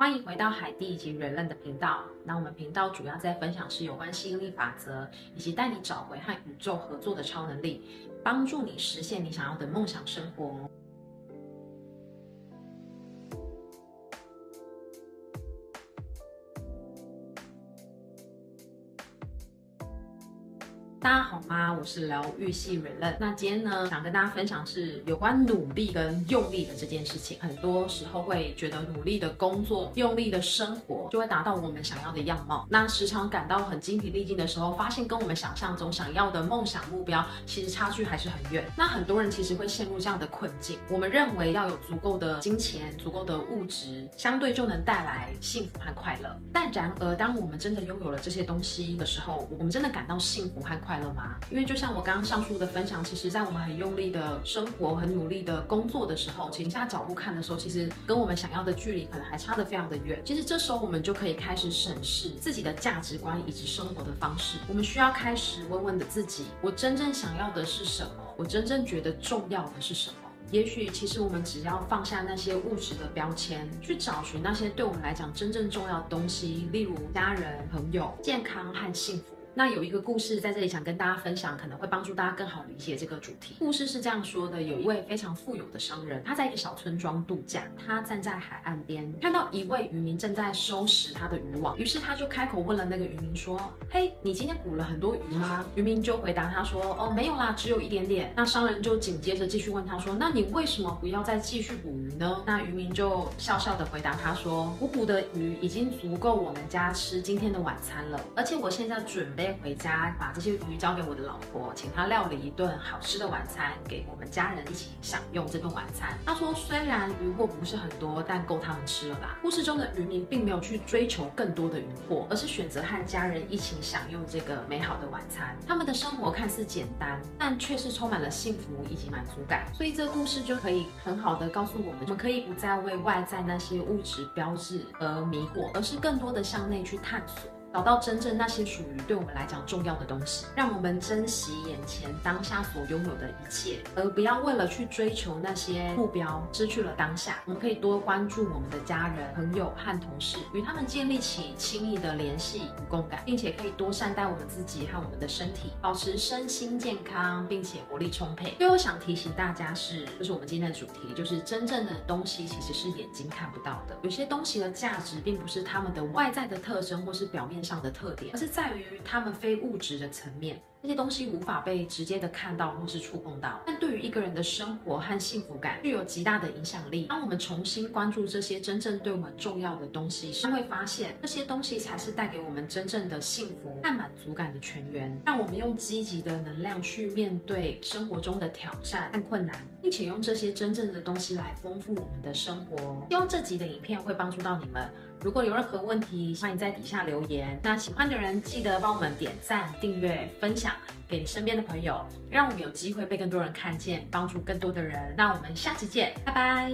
歡迎回到海地以及睿睿的頻道。那我們頻道主要在分享是有關吸引力法則，以及帶你找回和宇宙合作的超能力，幫助你實現你想要的夢想生活。大家好嗎？我是療癒系睿睿。那今天呢，想跟大家分享是有關努力跟用力的這件事情。很多時候會覺得努力的工作，用力的生活，就會達到我們想要的樣貌。那時常感到很精疲力盡的時候，發現跟我們想象中想要的夢想目標，其實差距還是很遠。那很多人其實會陷入這樣的困境。我們認為要有足夠的金錢、足夠的物質，相對就能帶來幸福和快樂。但然而，當我們真的擁有了這些東西的時候，我們真的感到幸福和快樂。快樂嗎？因為就像我剛剛上述的分享，其實，在我們很用力的生活、很努力的工作的時候，停下腳步看的時候，其實跟我們想要的距離可能還差得非常的遠。其實這時候，我們就可以開始審視自己的價值觀以及生活的方式。我們需要開始問問的自己：我真正想要的是什麼？我真正覺得重要的是什麼？也許，其實我們只要放下那些物質的標籤，去找尋那些對我們來講真正重要的東西，例如家人、朋友、健康和幸福。那有一個故事在這裡想跟大家分享，可能會幫助大家更好理解這個主題。故事是這樣說的：有一位非常富有的商人，他在一個小村莊度假，他站在海岸邊，看到一位漁民正在收拾他的漁網，於是他就開口問了那個漁民說：“嘿，你今天捕了很多魚嗎？”漁民就回答他說：“哦，沒有啦，只有一點點。”那商人就緊接着繼續問他說：“那你為什麼不要再繼續捕魚呢？”那漁民就笑笑的回答他說：“我捕，捕的魚已經足夠我們家吃今天的晚餐了，而且我現在準備。”回家把這些魚交給我的老婆，請她料理一頓好吃的晚餐，給我們家人一起享用這頓晚餐。他說，雖然漁獲不是很多，但夠他們吃了吧？故事中的漁民並沒有去追求更多的漁獲，而是選擇和家人一起享用這個美好的晚餐。他們的生活看似簡單，但卻是充滿了幸福以及滿足感。所以這個故事就可以很好的告訴我們，我們可以不再為外在那些物質標誌而迷惑，而是更多的向內去探索。找到真正那些屬於對我們來講重要的東西，讓我們珍惜眼前當下所擁有的一切，而不要為了去追求那些目標失去了當下。我們可以多關注我們的家人、朋友和同事，與他們建立起親密的聯繫與共感，並且可以多善待我們自己和我們的身體，保持身心健康，並且活力充沛。最後想提醒大家是，就是我們今天的主題，就是真正的東西其實是眼睛看不到的，有些東西的價值並不是它們的外在的特徵或是表面上的特點，而是在於他們非物質的層面。這些東西無法被直接的看到或是觸碰到，但對於一個人的生活和幸福感具有極大的影響力。當我們重新關注這些真正對我們重要的東西時，會發現這些東西才是帶給我們真正的幸福和滿足感的泉源。讓我們用積極的能量去面對生活中的挑戰和困難，並且用這些真正的東西來豐富我們的生活。希望這集的影片會幫助到你們。如果有任何問題，歡迎在底下留言。那喜歡的人記得幫我們點讚、訂閱、分享。給身邊的朋友，讓我們有機會被更多人看見，幫助更多的人。那我們下期見，拜拜。